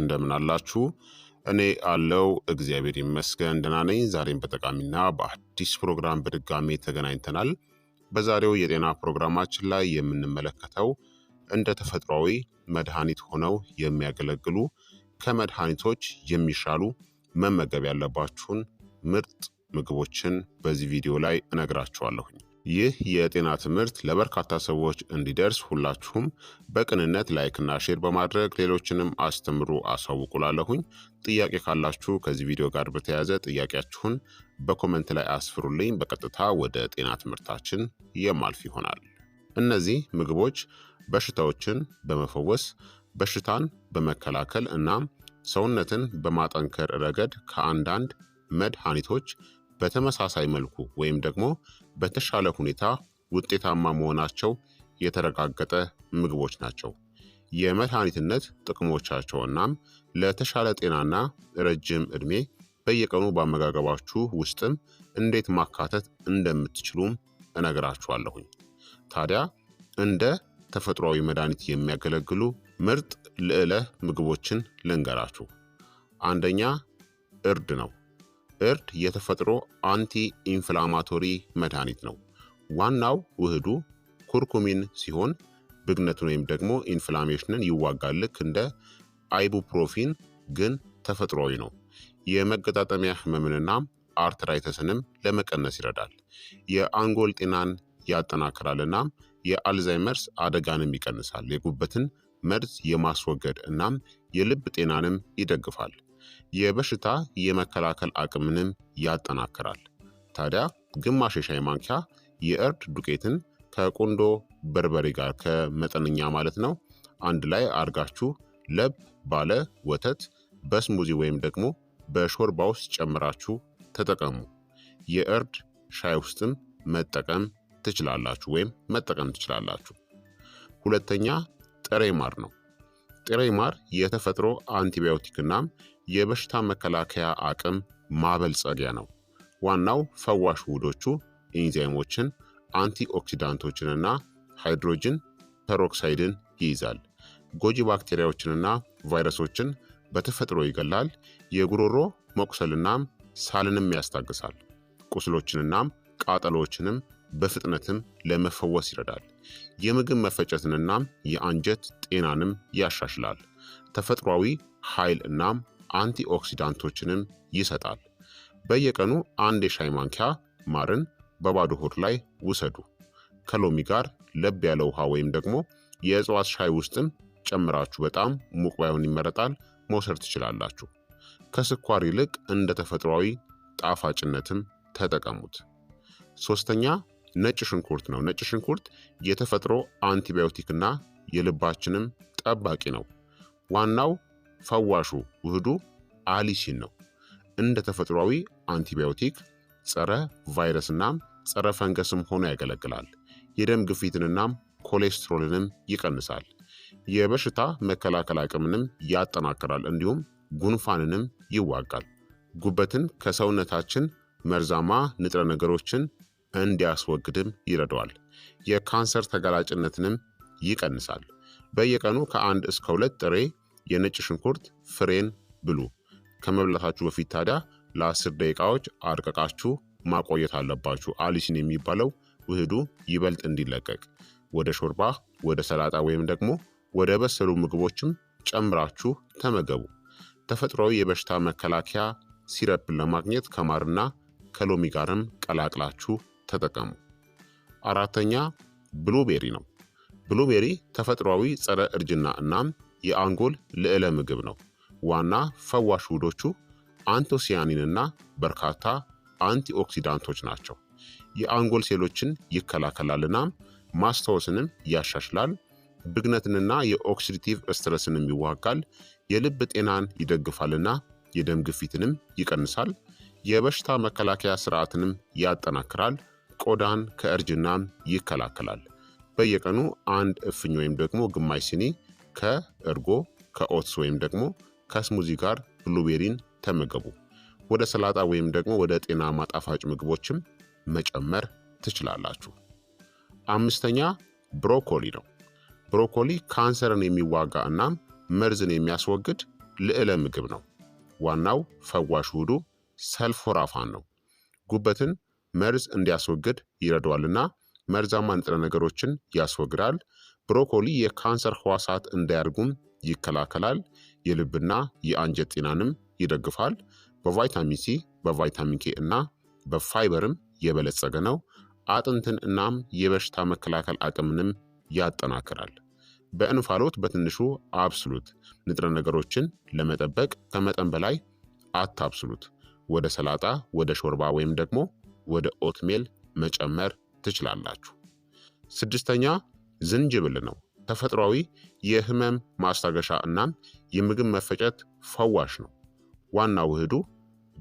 እንደምን አላችሁ? እኔ አለው እግዚአብሔር ይመስገን ደህና ነኝ። ዛሬም በጠቃሚና በአዲስ ፕሮግራም በድጋሜ ተገናኝተናል። በዛሬው የጤና ፕሮግራማችን ላይ የምንመለከተው እንደ ተፈጥሯዊ መድኃኒት ሆነው የሚያገለግሉ ከመድኃኒቶች የሚሻሉ መመገብ ያለባችሁን ምርጥ ምግቦችን በዚህ ቪዲዮ ላይ እነግራችኋለሁኝ። ይህ የጤና ትምህርት ለበርካታ ሰዎች እንዲደርስ ሁላችሁም በቅንነት ላይክና ሼር በማድረግ ሌሎችንም አስተምሩ አሳውቁላለሁኝ። ጥያቄ ካላችሁ ከዚህ ቪዲዮ ጋር በተያያዘ ጥያቄያችሁን በኮመንት ላይ አስፍሩልኝ። በቀጥታ ወደ ጤና ትምህርታችን የማልፍ ይሆናል። እነዚህ ምግቦች በሽታዎችን በመፈወስ በሽታን በመከላከል እና ሰውነትን በማጠንከር ረገድ ከአንዳንድ መድኃኒቶች በተመሳሳይ መልኩ ወይም ደግሞ በተሻለ ሁኔታ ውጤታማ መሆናቸው የተረጋገጠ ምግቦች ናቸው። የመድኃኒትነት ጥቅሞቻቸው እናም ለተሻለ ጤናና ረጅም ዕድሜ በየቀኑ በአመጋገባችሁ ውስጥም እንዴት ማካተት እንደምትችሉም እነግራችኋለሁኝ። ታዲያ እንደ ተፈጥሯዊ መድኃኒት የሚያገለግሉ ምርጥ ልዕለ ምግቦችን ልንገራችሁ። አንደኛ እርድ ነው። እርድ የተፈጥሮ አንቲ ኢንፍላማቶሪ መድኃኒት ነው። ዋናው ውህዱ ኩርኩሚን ሲሆን ብግነትን ወይም ደግሞ ኢንፍላሜሽንን ይዋጋል። ልክ እንደ አይቡፕሮፊን ግን ተፈጥሯዊ ነው። የመገጣጠሚያ ህመምንና አርትራይተስንም ለመቀነስ ይረዳል። የአንጎል ጤናን ያጠናክራል የአልዛይመርስ አደጋንም ይቀንሳል። የጉበትን መርዝ የማስወገድ እናም የልብ ጤናንም ይደግፋል። የበሽታ የመከላከል አቅምንም ያጠናክራል። ታዲያ ግማሽ የሻይ ማንኪያ የእርድ ዱቄትን ከቁንዶ በርበሬ ጋር ከመጠነኛ ማለት ነው አንድ ላይ አድርጋችሁ ለብ ባለ ወተት በስሙዚ ወይም ደግሞ በሾርባ ውስጥ ጨምራችሁ ተጠቀሙ። የእርድ ሻይ ውስጥም መጠቀም ትችላላችሁ ወይም መጠቀም ትችላላችሁ። ሁለተኛ ጥሬ ማር ነው። ጥሬ ማር የተፈጥሮ አንቲባዮቲክ እናም የበሽታ መከላከያ አቅም ማበልጸጊያ ነው። ዋናው ፈዋሽ ውህዶቹ ኢንዛይሞችን፣ አንቲኦክሲዳንቶችንና ሃይድሮጅን ፐሮክሳይድን ይይዛል። ጎጂ ባክቴሪያዎችንና ቫይረሶችን በተፈጥሮ ይገላል። የጉሮሮ መቁሰልናም ሳልንም ያስታግሳል። ቁስሎችንናም ቃጠሎችንም በፍጥነትም ለመፈወስ ይረዳል። የምግብ መፈጨትንናም የአንጀት ጤናንም ያሻሽላል። ተፈጥሯዊ ኃይል እናም አንቲኦክሲዳንቶችንም ይሰጣል። በየቀኑ አንድ የሻይ ማንኪያ ማርን በባዶ ሆድ ላይ ውሰዱ። ከሎሚ ጋር ለብ ያለ ውሃ ወይም ደግሞ የእጽዋት ሻይ ውስጥም ጨምራችሁ በጣም ሙቅ ባይሆን ይመረጣል መውሰድ ትችላላችሁ። ከስኳር ይልቅ እንደ ተፈጥሯዊ ጣፋጭነትም ተጠቀሙት። ሶስተኛ ነጭ ሽንኩርት ነው። ነጭ ሽንኩርት የተፈጥሮ አንቲባዮቲክ የልባችንም ጠባቂ ነው። ዋናው ፈዋሹ ውህዱ አሊሲን ነው። እንደ ተፈጥሯዊ አንቲባዮቲክ ጸረ ቫይረስናም ጸረ ፈንገስም ሆኖ ያገለግላል። የደም ግፊትንናም ኮሌስትሮልንም ይቀንሳል። የበሽታ መከላከል አቅምንም ያጠናክራል። እንዲሁም ጉንፋንንም ይዋጋል። ጉበትን ከሰውነታችን መርዛማ ንጥረ ነገሮችን እንዲያስወግድም ይረዳዋል። የካንሰር ተጋላጭነትንም ይቀንሳል። በየቀኑ ከአንድ እስከ ሁለት ጥሬ የነጭ ሽንኩርት ፍሬን ብሉ። ከመብላታችሁ በፊት ታዲያ ለአስር ደቂቃዎች አርቀቃችሁ ማቆየት አለባችሁ። አሊሲን የሚባለው ውህዱ ይበልጥ እንዲለቀቅ ወደ ሾርባ፣ ወደ ሰላጣ ወይም ደግሞ ወደ በሰሉ ምግቦችም ጨምራችሁ ተመገቡ። ተፈጥሯዊ የበሽታ መከላከያ ሲረፕን ለማግኘት ከማርና ከሎሚ ጋርም ቀላቅላችሁ ተጠቀሙ። አራተኛ ብሉቤሪ ነው። ብሉቤሪ ተፈጥሯዊ ጸረ እርጅና እናም የአንጎል ልዕለ ምግብ ነው። ዋና ፈዋሽ ውህዶቹ አንቶሲያኒንና በርካታ አንቲኦክሲዳንቶች ናቸው። የአንጎል ሴሎችን ይከላከላልናም ማስታወስንም ያሻሽላል። ብግነትንና የኦክሲዲቲቭ ስትረስንም ይዋጋል። የልብ ጤናን ይደግፋልና የደም ግፊትንም ይቀንሳል። የበሽታ መከላከያ ስርዓትንም ያጠናክራል። ቆዳን ከእርጅናም ይከላከላል። በየቀኑ አንድ እፍኝ ወይም ደግሞ ግማሽ ሲኒ ከእርጎ ከኦትስ ወይም ደግሞ ከስሙዚ ጋር ብሉቤሪን ተመገቡ። ወደ ሰላጣ ወይም ደግሞ ወደ ጤናማ ጣፋጭ ምግቦችም መጨመር ትችላላችሁ። አምስተኛ ብሮኮሊ ነው። ብሮኮሊ ካንሰርን የሚዋጋ እናም መርዝን የሚያስወግድ ልዕለ ምግብ ነው። ዋናው ፈዋሽ ውህዱ ሰልፎራፋን ነው። ጉበትን መርዝ እንዲያስወግድ ይረዳዋልና መርዛማ ንጥረ ነገሮችን ያስወግዳል። ብሮኮሊ የካንሰር ህዋሳት እንዳያድጉም ይከላከላል። የልብና የአንጀት ጤናንም ይደግፋል። በቫይታሚን ሲ፣ በቫይታሚን ኬ እና በፋይበርም የበለጸገ ነው። አጥንትን እናም የበሽታ መከላከል አቅምንም ያጠናክራል። በእንፋሎት በትንሹ አብስሉት። ንጥረ ነገሮችን ለመጠበቅ ከመጠን በላይ አታብስሉት። ወደ ሰላጣ፣ ወደ ሾርባ ወይም ደግሞ ወደ ኦትሜል መጨመር ትችላላችሁ። ስድስተኛ ዝንጅብል ነው። ተፈጥሯዊ የህመም ማስታገሻ እናም የምግብ መፈጨት ፈዋሽ ነው። ዋና ውህዱ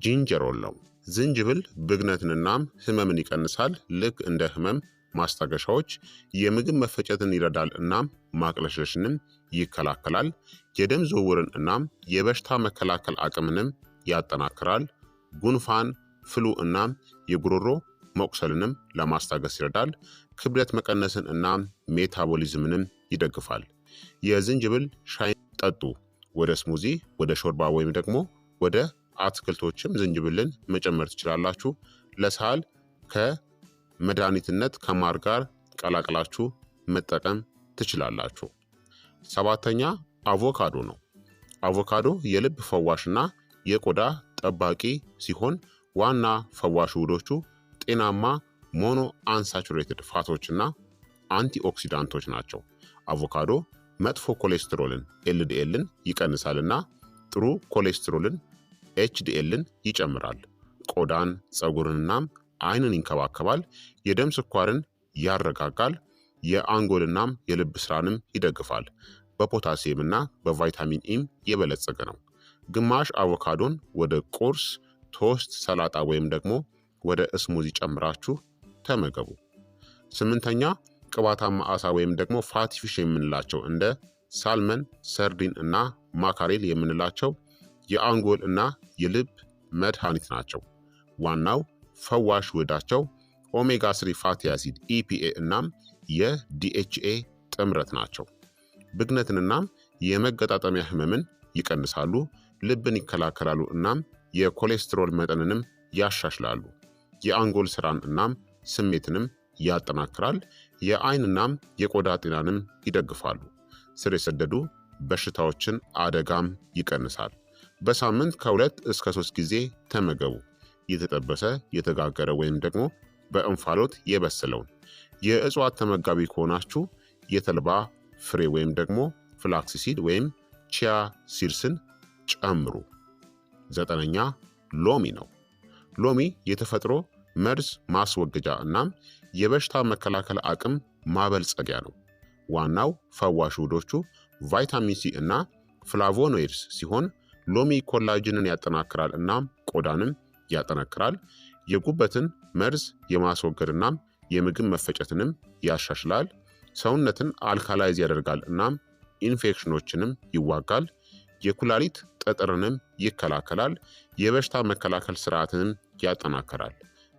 ጂንጀሮል ነው። ዝንጅብል ብግነትንናም ህመምን ይቀንሳል። ልክ እንደ ህመም ማስታገሻዎች የምግብ መፈጨትን ይረዳል፣ እናም ማቅለሸሽንም ይከላከላል። የደም ዝውውርን እናም የበሽታ መከላከል አቅምንም ያጠናክራል። ጉንፋን፣ ፍሉ እናም የጉሮሮ መቁሰልንም ለማስታገስ ይረዳል። ክብደት መቀነስን እና ሜታቦሊዝምንም ይደግፋል። የዝንጅብል ሻይ ጠጡ። ወደ ስሙዚ፣ ወደ ሾርባ ወይም ደግሞ ወደ አትክልቶችም ዝንጅብልን መጨመር ትችላላችሁ። ለሳል ከመድኃኒትነት ከማር ጋር ቀላቅላችሁ መጠቀም ትችላላችሁ። ሰባተኛ አቮካዶ ነው። አቮካዶ የልብ ፈዋሽና የቆዳ ጠባቂ ሲሆን ዋና ፈዋሽ ውህዶቹ ጤናማ ሞኖ አንሳቹሬትድ ፋቶችና አንቲኦክሲዳንቶች ናቸው። አቮካዶ መጥፎ ኮሌስትሮልን ኤልዲኤልን ይቀንሳልና ጥሩ ኮሌስትሮልን ኤችዲኤልን ይጨምራል። ቆዳን ጸጉርንናም አይንን ይንከባከባል። የደም ስኳርን ያረጋጋል። የአንጎልናም የልብ ስራንም ይደግፋል። በፖታሲየምና በቫይታሚን ኢም የበለጸገ ነው። ግማሽ አቮካዶን ወደ ቁርስ፣ ቶስት፣ ሰላጣ ወይም ደግሞ ወደ እስሙዚ ጨምራችሁ ተመገቡ። ስምንተኛ ቅባታማ አሳ ወይም ደግሞ ፋቲፊሽ የምንላቸው እንደ ሳልመን፣ ሰርዲን እና ማካሬል የምንላቸው የአንጎል እና የልብ መድኃኒት ናቸው። ዋናው ፈዋሽ ውህዳቸው ኦሜጋ ስሪ ፋቲ አሲድ ኢፒኤ እናም የዲኤችኤ ጥምረት ናቸው። ብግነትን የመገጣጠሚያ ህመምን ይቀንሳሉ፣ ልብን ይከላከላሉ እናም የኮሌስትሮል መጠንንም ያሻሽላሉ። የአንጎል ስራን እናም ስሜትንም ያጠናክራል፣ የአይንናም የቆዳ ጤናንም ይደግፋሉ። ስር የሰደዱ በሽታዎችን አደጋም ይቀንሳል። በሳምንት ከሁለት እስከ ሶስት ጊዜ ተመገቡ። የተጠበሰ የተጋገረ ወይም ደግሞ በእንፋሎት የበሰለውን። የእጽዋት ተመጋቢ ከሆናችሁ የተልባ ፍሬ ወይም ደግሞ ፍላክሲሲድ ወይም ቺያ ሲርስን ጨምሩ። ዘጠነኛ ሎሚ ነው። ሎሚ የተፈጥሮ መርዝ ማስወገጃ እናም የበሽታ መከላከል አቅም ማበልጸጊያ ነው። ዋናው ፈዋሽ ውህዶቹ ቫይታሚን ሲ እና ፍላቮኖይድስ ሲሆን ሎሚ ኮላጅንን ያጠናክራል እናም ቆዳንም ያጠናክራል። የጉበትን መርዝ የማስወገድ እናም የምግብ መፈጨትንም ያሻሽላል። ሰውነትን አልካላይዝ ያደርጋል እናም ኢንፌክሽኖችንም ይዋጋል። የኩላሊት ጠጠርንም ይከላከላል። የበሽታ መከላከል ስርዓትንም ያጠናከራል።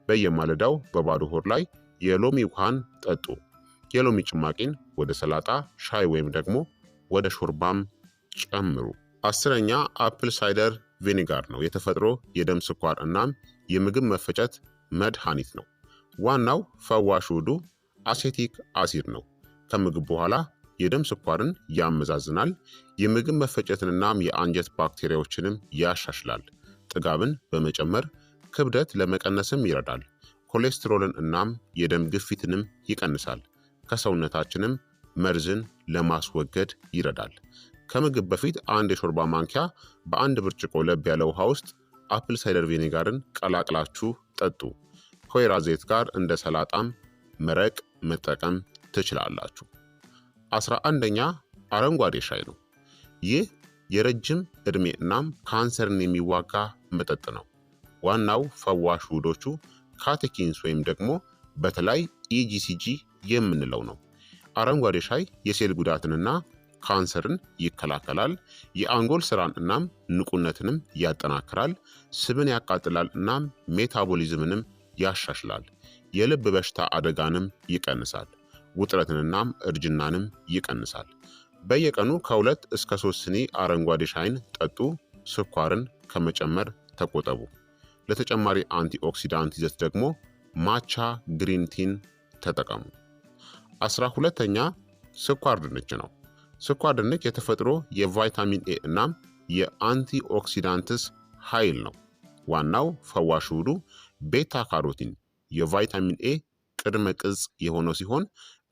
በየማለዳው በባዶ ሆድ ላይ የሎሚ ውሃን ጠጡ። የሎሚ ጭማቂን ወደ ሰላጣ፣ ሻይ ወይም ደግሞ ወደ ሾርባም ጨምሩ። አስረኛ አፕል ሳይደር ቪኒጋር ነው። የተፈጥሮ የደም ስኳር እናም የምግብ መፈጨት መድኃኒት ነው። ዋናው ፈዋሽ ውህዱ አሴቲክ አሲድ ነው። ከምግብ በኋላ የደም ስኳርን ያመዛዝናል። የምግብ መፈጨትን እናም የአንጀት ባክቴሪያዎችንም ያሻሽላል። ጥጋብን በመጨመር ክብደት ለመቀነስም ይረዳል። ኮሌስትሮልን እናም የደም ግፊትንም ይቀንሳል። ከሰውነታችንም መርዝን ለማስወገድ ይረዳል። ከምግብ በፊት አንድ የሾርባ ማንኪያ በአንድ ብርጭቆ ለብ ያለ ውሃ ውስጥ አፕል ሳይደር ቪኒጋርን ቀላቅላችሁ ጠጡ። ከወይራ ዘይት ጋር እንደ ሰላጣም መረቅ መጠቀም ትችላላችሁ። አስራ አንደኛ አረንጓዴ ሻይ ነው። ይህ የረጅም ዕድሜ እናም ካንሰርን የሚዋጋ መጠጥ ነው። ዋናው ፈዋሽ ውህዶቹ ካቴኪንስ ወይም ደግሞ በተለይ ኢጂሲጂ e የምንለው ነው። አረንጓዴ ሻይ የሴል ጉዳትንና ካንሰርን ይከላከላል። የአንጎል ስራን እናም ንቁነትንም ያጠናክራል። ስብን ያቃጥላል እናም ሜታቦሊዝምንም ያሻሽላል። የልብ በሽታ አደጋንም ይቀንሳል። ውጥረትንናም እርጅናንም ይቀንሳል። በየቀኑ ከሁለት እስከ ሶስት ስኒ አረንጓዴ ሻይን ጠጡ። ስኳርን ከመጨመር ተቆጠቡ። ለተጨማሪ አንቲኦክሲዳንት ይዘት ደግሞ ማቻ ግሪንቲን ተጠቀሙ። አስራ ሁለተኛ ስኳር ድንች ነው። ስኳር ድንች የተፈጥሮ የቫይታሚን ኤ እናም የአንቲኦክሲዳንትስ ኃይል ነው። ዋናው ፈዋሽ ውህዱ ቤታ ካሮቲን የቫይታሚን ኤ ቅድመ ቅጽ የሆነው ሲሆን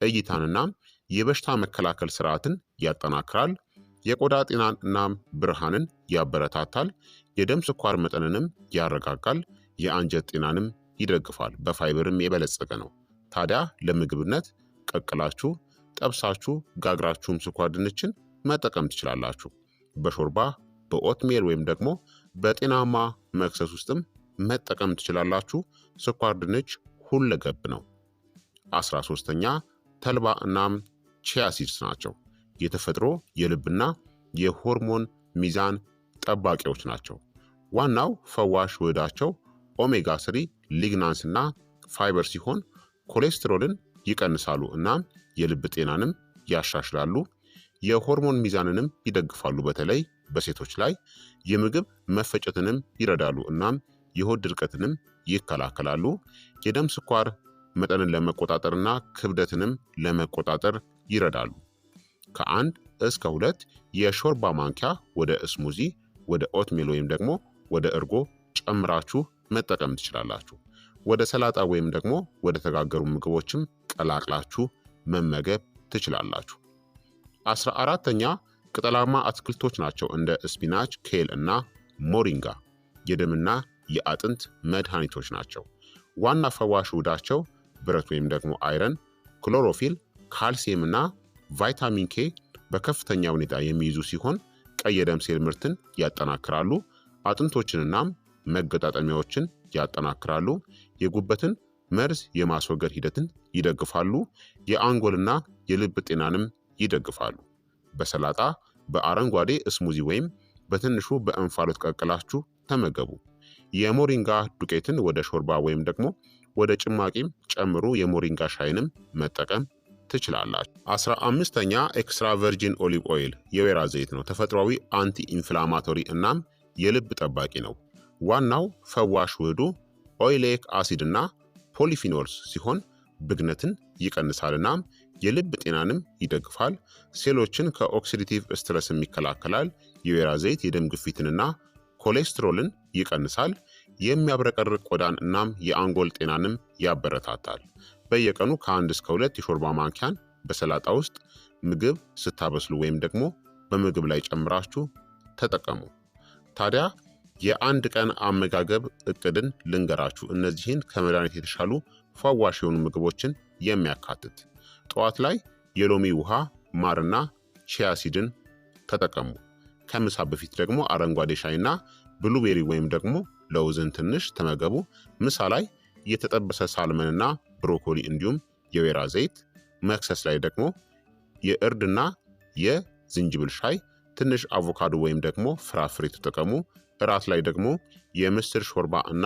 እይታንናም የበሽታ መከላከል ስርዓትን ያጠናክራል፣ የቆዳ ጤናን እናም ብርሃንን ያበረታታል። የደም ስኳር መጠንንም ያረጋጋል። የአንጀት ጤናንም ይደግፋል። በፋይበርም የበለጸገ ነው። ታዲያ ለምግብነት ቀቅላችሁ፣ ጠብሳችሁ፣ ጋግራችሁም ስኳር ድንችን መጠቀም ትችላላችሁ። በሾርባ በኦትሜል ወይም ደግሞ በጤናማ መክሰስ ውስጥም መጠቀም ትችላላችሁ። ስኳር ድንች ሁለገብ ነው። አስራ ሶስተኛ ተልባ እናም ቺያ ሲድስ ናቸው። የተፈጥሮ የልብና የሆርሞን ሚዛን ጠባቂዎች ናቸው። ዋናው ፈዋሽ ውህዳቸው ኦሜጋ ስሪ ሊግናንስ እና ፋይበር ሲሆን ኮሌስትሮልን ይቀንሳሉ እናም የልብ ጤናንም ያሻሽላሉ። የሆርሞን ሚዛንንም ይደግፋሉ፣ በተለይ በሴቶች ላይ የምግብ መፈጨትንም ይረዳሉ እናም የሆድ ድርቀትንም ይከላከላሉ። የደም ስኳር መጠንን ለመቆጣጠርና ክብደትንም ለመቆጣጠር ይረዳሉ። ከአንድ እስከ ሁለት የሾርባ ማንኪያ ወደ እስሙዚ ወደ ኦትሜል ወይም ደግሞ ወደ እርጎ ጨምራችሁ መጠቀም ትችላላችሁ። ወደ ሰላጣ ወይም ደግሞ ወደ ተጋገሩ ምግቦችም ቀላቅላችሁ መመገብ ትችላላችሁ። አስራ አራተኛ ቅጠላማ አትክልቶች ናቸው እንደ ስፒናች፣ ኬል እና ሞሪንጋ የደምና የአጥንት መድኃኒቶች ናቸው። ዋና ፈዋሽ ውዳቸው ብረት ወይም ደግሞ አይረን፣ ክሎሮፊል፣ ካልሲየምና ቫይታሚን ኬ በከፍተኛ ሁኔታ የሚይዙ ሲሆን ቀይ የደም ሴል ምርትን ያጠናክራሉ። አጥንቶችንናም መገጣጠሚያዎችን ያጠናክራሉ። የጉበትን መርዝ የማስወገድ ሂደትን ይደግፋሉ። የአንጎልና የልብ ጤናንም ይደግፋሉ። በሰላጣ በአረንጓዴ እስሙዚ ወይም በትንሹ በእንፋሎት ቀቅላችሁ ተመገቡ። የሞሪንጋ ዱቄትን ወደ ሾርባ ወይም ደግሞ ወደ ጭማቂም ጨምሩ። የሞሪንጋ ሻይንም መጠቀም ትችላላችሁ። አስራ አምስተኛ ኤክስትራ ቨርጂን ኦሊቭ ኦይል የወይራ ዘይት ነው። ተፈጥሯዊ አንቲ ኢንፍላማቶሪ እናም የልብ ጠባቂ ነው። ዋናው ፈዋሽ ውህዱ ኦይሌክ አሲድ እና ፖሊፊኖልስ ሲሆን ብግነትን ይቀንሳል እናም የልብ ጤናንም ይደግፋል። ሴሎችን ከኦክሲዲቲቭ ስትረስም ይከላከላል። የወይራ ዘይት የደም ግፊትንና ኮሌስትሮልን ይቀንሳል። የሚያብረቀርቅ ቆዳን እናም የአንጎል ጤናንም ያበረታታል። በየቀኑ ከአንድ እስከ ሁለት የሾርባ ማንኪያን በሰላጣ ውስጥ ምግብ ስታበስሉ ወይም ደግሞ በምግብ ላይ ጨምራችሁ ተጠቀሙ። ታዲያ የአንድ ቀን አመጋገብ እቅድን ልንገራችሁ። እነዚህን ከመድኃኒት የተሻሉ ፏዋሽ የሆኑ ምግቦችን የሚያካትት ጠዋት ላይ የሎሚ ውሃ፣ ማርና ቺያሲድን ተጠቀሙ። ከምሳ በፊት ደግሞ አረንጓዴ ሻይና ብሉቤሪ ወይም ደግሞ ለውዝን ትንሽ ተመገቡ። ምሳ ላይ የተጠበሰ ሳልመንና ብሮኮሊ እንዲሁም የወይራ ዘይት፣ መክሰስ ላይ ደግሞ የእርድና የዝንጅብል ሻይ፣ ትንሽ አቮካዶ ወይም ደግሞ ፍራፍሬ ተጠቀሙ። እራት ላይ ደግሞ የምስር ሾርባ እና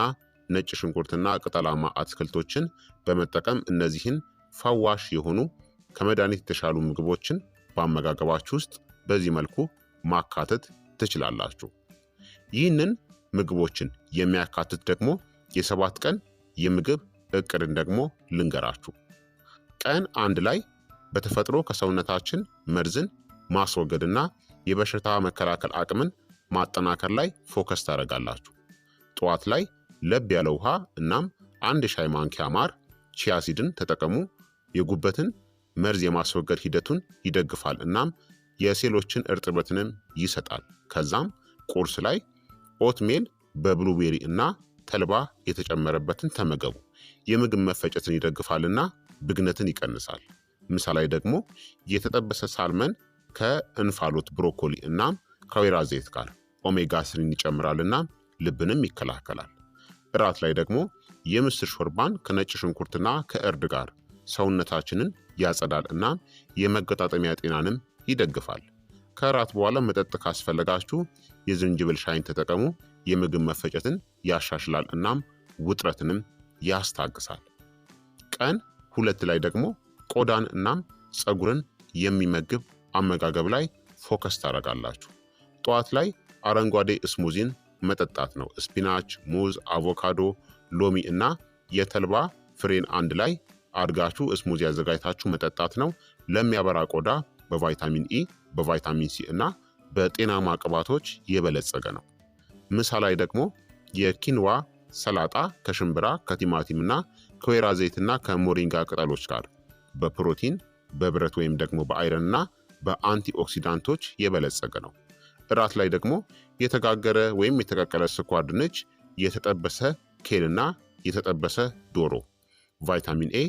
ነጭ ሽንኩርትና ቅጠላማ አትክልቶችን በመጠቀም እነዚህን ፈዋሽ የሆኑ ከመድኃኒት የተሻሉ ምግቦችን በአመጋገባችሁ ውስጥ በዚህ መልኩ ማካተት ትችላላችሁ። ይህንን ምግቦችን የሚያካትት ደግሞ የሰባት ቀን የምግብ እቅድን ደግሞ ልንገራችሁ። ቀን አንድ ላይ በተፈጥሮ ከሰውነታችን መርዝን ማስወገድና የበሽታ መከላከል አቅምን ማጠናከር ላይ ፎከስ ታደርጋላችሁ። ጠዋት ላይ ለብ ያለ ውሃ እናም አንድ ሻይ ማንኪያ ማር ቺያሲድን ተጠቀሙ። የጉበትን መርዝ የማስወገድ ሂደቱን ይደግፋል እናም የሴሎችን እርጥበትንም ይሰጣል። ከዛም ቁርስ ላይ ኦትሜል በብሉቤሪ እና ተልባ የተጨመረበትን ተመገቡ። የምግብ መፈጨትን ይደግፋልና ብግነትን ይቀንሳል። ምሳ ላይ ደግሞ የተጠበሰ ሳልመን ከእንፋሎት፣ ብሮኮሊ እናም ከወይራ ዘይት ጋር ኦሜጋ ስሪን ይጨምራልና ልብንም ይከላከላል። እራት ላይ ደግሞ የምስር ሾርባን ከነጭ ሽንኩርትና ከእርድ ጋር ሰውነታችንን ያጸዳል እና የመገጣጠሚያ ጤናንም ይደግፋል። ከእራት በኋላ መጠጥ ካስፈለጋችሁ የዝንጅብል ሻይን ተጠቀሙ። የምግብ መፈጨትን ያሻሽላል እናም ውጥረትንም ያስታግሳል። ቀን ሁለት ላይ ደግሞ ቆዳን እናም ፀጉርን የሚመግብ አመጋገብ ላይ ፎከስ ታደርጋላችሁ። ጠዋት ላይ አረንጓዴ እስሙዚን መጠጣት ነው። ስፒናች፣ ሙዝ፣ አቮካዶ፣ ሎሚ እና የተልባ ፍሬን አንድ ላይ አድጋችሁ እስሙዚ አዘጋጅታችሁ መጠጣት ነው። ለሚያበራ ቆዳ በቫይታሚን ኢ፣ በቫይታሚን ሲ እና በጤናማ ቅባቶች የበለጸገ ነው። ምሳ ላይ ደግሞ የኪንዋ ሰላጣ ከሽምብራ ከቲማቲምና ከወይራ ዘይትና ከሞሪንጋ ቅጠሎች ጋር በፕሮቲን በብረት ወይም ደግሞ በአይረንና በአንቲኦክሲዳንቶች የበለጸገ ነው። እራት ላይ ደግሞ የተጋገረ ወይም የተቀቀለ ስኳር ድንች፣ የተጠበሰ ኬልና የተጠበሰ ዶሮ ቫይታሚን ኤ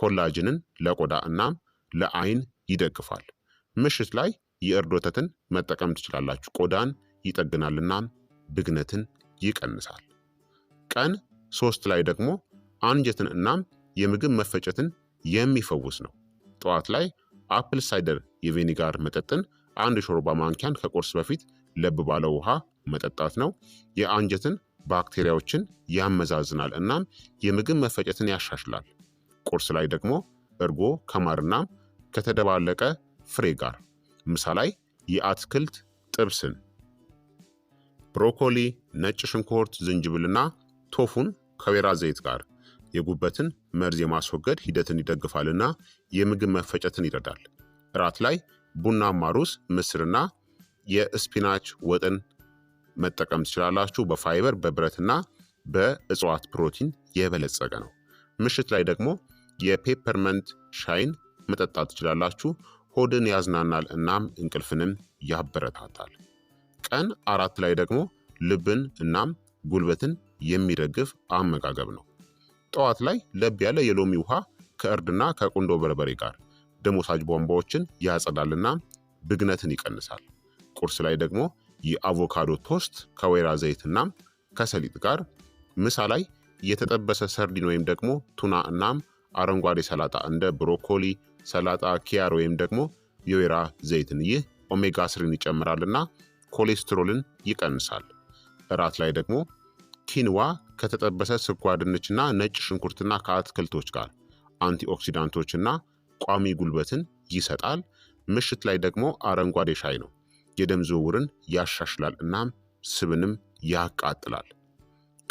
ኮላጅንን ለቆዳ እናም ለአይን ይደግፋል። ምሽት ላይ የእርድ ወተትን መጠቀም ትችላላችሁ። ቆዳን ይጠግናል እናም ብግነትን ይቀንሳል። ቀን ሶስት ላይ ደግሞ አንጀትን እናም የምግብ መፈጨትን የሚፈውስ ነው። ጠዋት ላይ አፕል ሳይደር የቬኒጋር መጠጥን አንድ ሾርባ ማንኪያን ከቁርስ በፊት ለብ ባለው ውሃ መጠጣት ነው። የአንጀትን ባክቴሪያዎችን ያመዛዝናል እናም የምግብ መፈጨትን ያሻሽላል። ቁርስ ላይ ደግሞ እርጎ ከማርና ከተደባለቀ ፍሬ ጋር፣ ምሳ ላይ የአትክልት ጥብስን፣ ብሮኮሊ፣ ነጭ ሽንኩርት፣ ዝንጅብልና ቶፉን ከቤራ ዘይት ጋር የጉበትን መርዝ የማስወገድ ሂደትን ይደግፋልና የምግብ መፈጨትን ይረዳል። እራት ላይ ቡናማ ሩዝ፣ ምስርና የስፒናች ወጥን መጠቀም ትችላላችሁ። በፋይበር በብረትና በእጽዋት ፕሮቲን የበለጸገ ነው። ምሽት ላይ ደግሞ የፔፐርመንት ሻይን መጠጣት ትችላላችሁ። ሆድን ያዝናናል እናም እንቅልፍንም ያበረታታል። ቀን አራት ላይ ደግሞ ልብን እናም ጉልበትን የሚደግፍ አመጋገብ ነው። ጠዋት ላይ ለብ ያለ የሎሚ ውሃ ከእርድና ከቁንዶ በርበሬ ጋር ደም ወሳጅ ቧንቧዎችን ያጸዳልና ብግነትን ይቀንሳል። ቁርስ ላይ ደግሞ የአቮካዶ ቶስት ከወይራ ዘይትና ከሰሊጥ ጋር፣ ምሳ ላይ የተጠበሰ ሰርዲን ወይም ደግሞ ቱና እናም አረንጓዴ ሰላጣ እንደ ብሮኮሊ፣ ሰላጣ ኪያር ወይም ደግሞ የወይራ ዘይትን ይህ ኦሜጋ ስሪን ይጨምራልና ኮሌስትሮልን ይቀንሳል። እራት ላይ ደግሞ ኪንዋ ከተጠበሰ ስኳር ድንችና ነጭ ሽንኩርትና ከአትክልቶች ጋር አንቲኦክሲዳንቶችና ቋሚ ጉልበትን ይሰጣል። ምሽት ላይ ደግሞ አረንጓዴ ሻይ ነው፣ የደም ዝውውርን ያሻሽላል እናም ስብንም ያቃጥላል።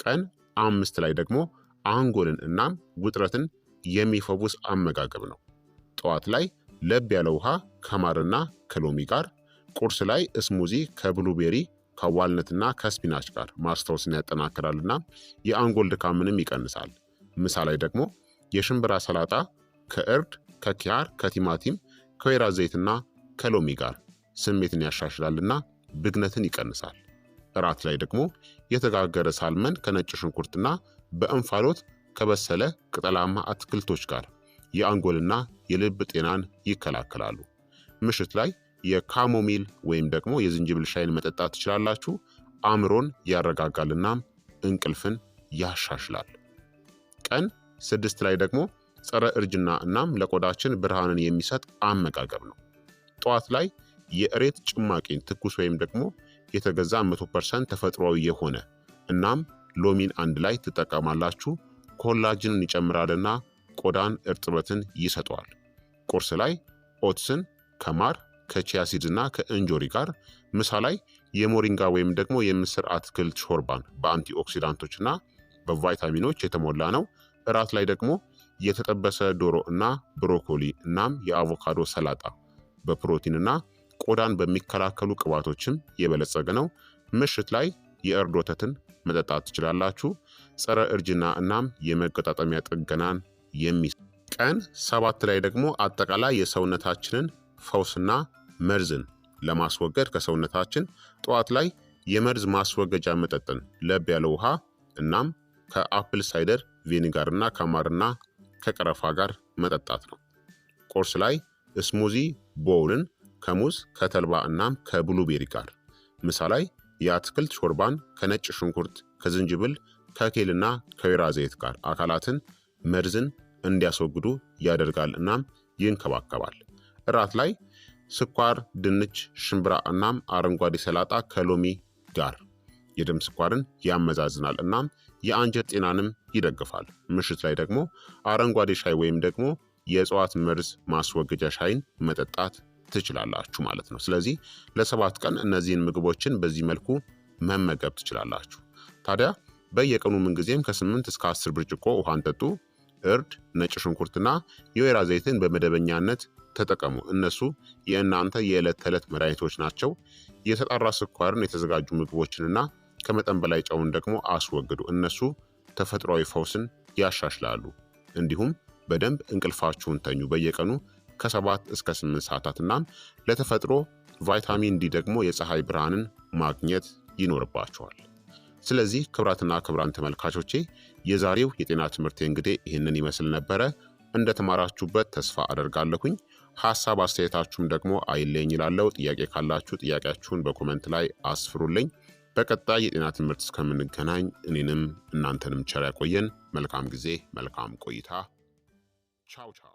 ቀን አምስት ላይ ደግሞ አንጎልን እናም ውጥረትን የሚፈውስ አመጋገብ ነው። ጠዋት ላይ ለብ ያለ ውሃ ከማርና ከሎሚ ጋር፣ ቁርስ ላይ እስሙዚ ከብሉቤሪ ከዋልነትና ከስፒናች ጋር ማስታወስን ያጠናክራልና የአንጎል ድካምንም ይቀንሳል። ምሳ ላይ ደግሞ የሽምብራ ሰላጣ ከእርድ፣ ከኪያር፣ ከቲማቲም፣ ከወይራ ዘይትና ከሎሚ ጋር ስሜትን ያሻሽላልና ብግነትን ይቀንሳል። እራት ላይ ደግሞ የተጋገረ ሳልመን ከነጭ ሽንኩርትና በእንፋሎት ከበሰለ ቅጠላማ አትክልቶች ጋር የአንጎልና የልብ ጤናን ይከላከላሉ። ምሽት ላይ የካሞሚል ወይም ደግሞ የዝንጅብል ሻይን መጠጣት ትችላላችሁ። አእምሮን ያረጋጋል እናም እንቅልፍን ያሻሽላል። ቀን ስድስት ላይ ደግሞ ጸረ እርጅና እናም ለቆዳችን ብርሃንን የሚሰጥ አመጋገብ ነው። ጠዋት ላይ የእሬት ጭማቂን ትኩስ ወይም ደግሞ የተገዛ 100 ተፈጥሯዊ የሆነ እናም ሎሚን አንድ ላይ ትጠቀማላችሁ። ኮላጅንን ይጨምራልና ቆዳን እርጥበትን ይሰጠዋል። ቁርስ ላይ ኦትስን ከማር እና ከእንጆሪ ጋር ምሳ ላይ የሞሪንጋ ወይም ደግሞ የምስር አትክልት ሾርባን ና በቫይታሚኖች የተሞላ ነው። እራት ላይ ደግሞ የተጠበሰ ዶሮ እና ብሮኮሊ እናም የአቮካዶ ሰላጣ በፕሮቲንና ቆዳን በሚከላከሉ ቅባቶችም የበለጸገ ነው። ምሽት ላይ የእርድ ወተትን መጠጣት ትችላላችሁ። ጸረ እርጅና እናም የመገጣጠሚያ ጥገናን የሚቀን ቀን ሰባት ላይ ደግሞ አጠቃላይ የሰውነታችንን ፈውስና መርዝን ለማስወገድ ከሰውነታችን ጠዋት ላይ የመርዝ ማስወገጃ መጠጥን ለብ ያለ ውሃ እናም ከአፕል ሳይደር ቪኒጋርና ከማርና ከቀረፋ ጋር መጠጣት ነው። ቁርስ ላይ ስሙዚ ቦውልን ከሙዝ ከተልባ እናም ከብሉቤሪ ጋር፣ ምሳ ላይ የአትክልት ሾርባን ከነጭ ሽንኩርት ከዝንጅብል ከኬልና ከወይራ ዘይት ጋር አካላትን መርዝን እንዲያስወግዱ ያደርጋል እናም ይንከባከባል። እራት ላይ ስኳር፣ ድንች፣ ሽምብራ እናም አረንጓዴ ሰላጣ ከሎሚ ጋር የደም ስኳርን ያመዛዝናል እናም የአንጀት ጤናንም ይደግፋል። ምሽት ላይ ደግሞ አረንጓዴ ሻይ ወይም ደግሞ የእጽዋት መርዝ ማስወገጃ ሻይን መጠጣት ትችላላችሁ ማለት ነው። ስለዚህ ለሰባት ቀን እነዚህን ምግቦችን በዚህ መልኩ መመገብ ትችላላችሁ። ታዲያ በየቀኑ ምንጊዜም ከ8 እስከ አስር ብርጭቆ ውሃን ጠጡ። እርድ፣ ነጭ ሽንኩርትና የወይራ ዘይትን በመደበኛነት ተጠቀሙ። እነሱ የእናንተ የዕለት ተዕለት መድኃኒቶች ናቸው። የተጣራ ስኳርን፣ የተዘጋጁ ምግቦችንና ከመጠን በላይ ጨውን ደግሞ አስወግዱ። እነሱ ተፈጥሯዊ ፈውስን ያሻሽላሉ። እንዲሁም በደንብ እንቅልፋችሁን ተኙ። በየቀኑ ከሰባት እስከ ስምንት ሰዓታት እናም ለተፈጥሮ ቫይታሚን ዲ ደግሞ የፀሐይ ብርሃንን ማግኘት ይኖርባቸዋል። ስለዚህ ክብራትና ክብራን ተመልካቾቼ የዛሬው የጤና ትምህርት እንግዲህ ይህንን ይመስል ነበረ። እንደተማራችሁበት ተስፋ አደርጋለሁኝ። ሀሳብ አስተያየታችሁም ደግሞ አይለኝ ይላለው። ጥያቄ ካላችሁ ጥያቄያችሁን በኮመንት ላይ አስፍሩልኝ። በቀጣይ የጤና ትምህርት እስከምንገናኝ እኔንም እናንተንም ቸር ያቆየን። መልካም ጊዜ፣ መልካም ቆይታ። ቻው ቻው።